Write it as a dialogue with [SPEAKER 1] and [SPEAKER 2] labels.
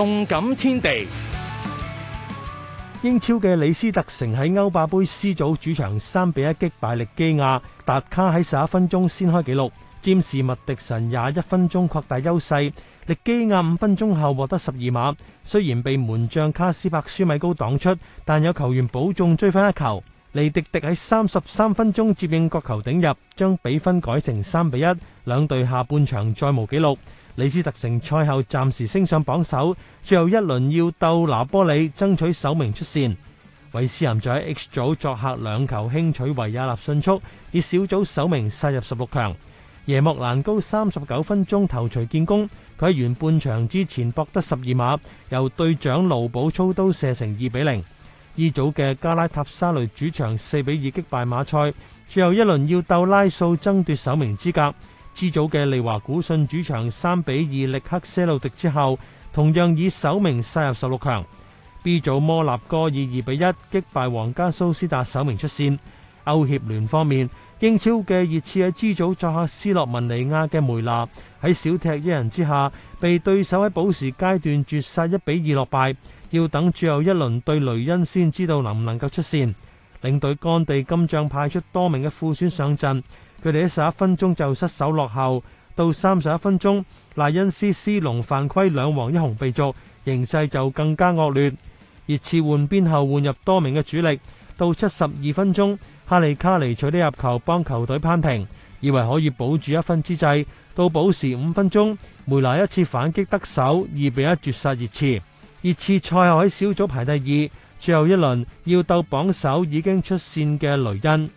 [SPEAKER 1] 動感天地，英超嘅李斯特城喺歐霸盃 C 組主場三比一擊敗歷基亞。達卡喺十一分鐘先開紀錄，占士麥迪神廿一分鐘擴大優勢。歷基亞五分鐘後獲得十二碼，雖然被門將卡斯柏舒米高擋出，但有球員保中追翻一球。尼迪迪喺三十三分鐘接應角球頂入，將比分改成三比一。兩隊下半場再無紀錄。李斯特城賽後暫時升上榜首，最後一輪要鬥拿波里爭取首名出線。韋斯咸在 H 組作客兩球輕取維也納迅速，以小組首名殺入十六強。耶莫蘭高三十九分鐘頭槌建功，佢喺完半場之前博得十二碼，由隊長盧寶操刀射成二比零。E 組嘅加拉塔沙雷主場四比二擊敗馬賽，最後一輪要鬥拉素爭奪首名資格。G 組嘅利華古遜主場三比二力克些路迪之後，同樣以首名殺入十六強。B 組摩納哥以二比一擊敗皇家蘇斯達首名出線。歐協聯方面，英超嘅熱刺喺 G 組作客斯洛文尼亞嘅梅拿，喺小踢一人之下，被對手喺補時階段絕殺一比二落敗，要等最後一輪對雷恩先知道能唔能夠出線。領隊干地今仗派出多名嘅副選上陣，佢哋喺十一分鐘就失守落後，到三十一分鐘賴恩斯斯隆犯規兩黃一紅被逐，形勢就更加惡劣。熱刺換邊後換入多名嘅主力，到七十二分鐘哈利卡尼取得入球幫球隊攀平，以為可以保住一分之際。到補時五分鐘梅拿一次反擊得手，二比一絕殺熱刺。熱刺賽後喺小組排第二。最後一輪要鬥榜首，已經出線嘅雷恩。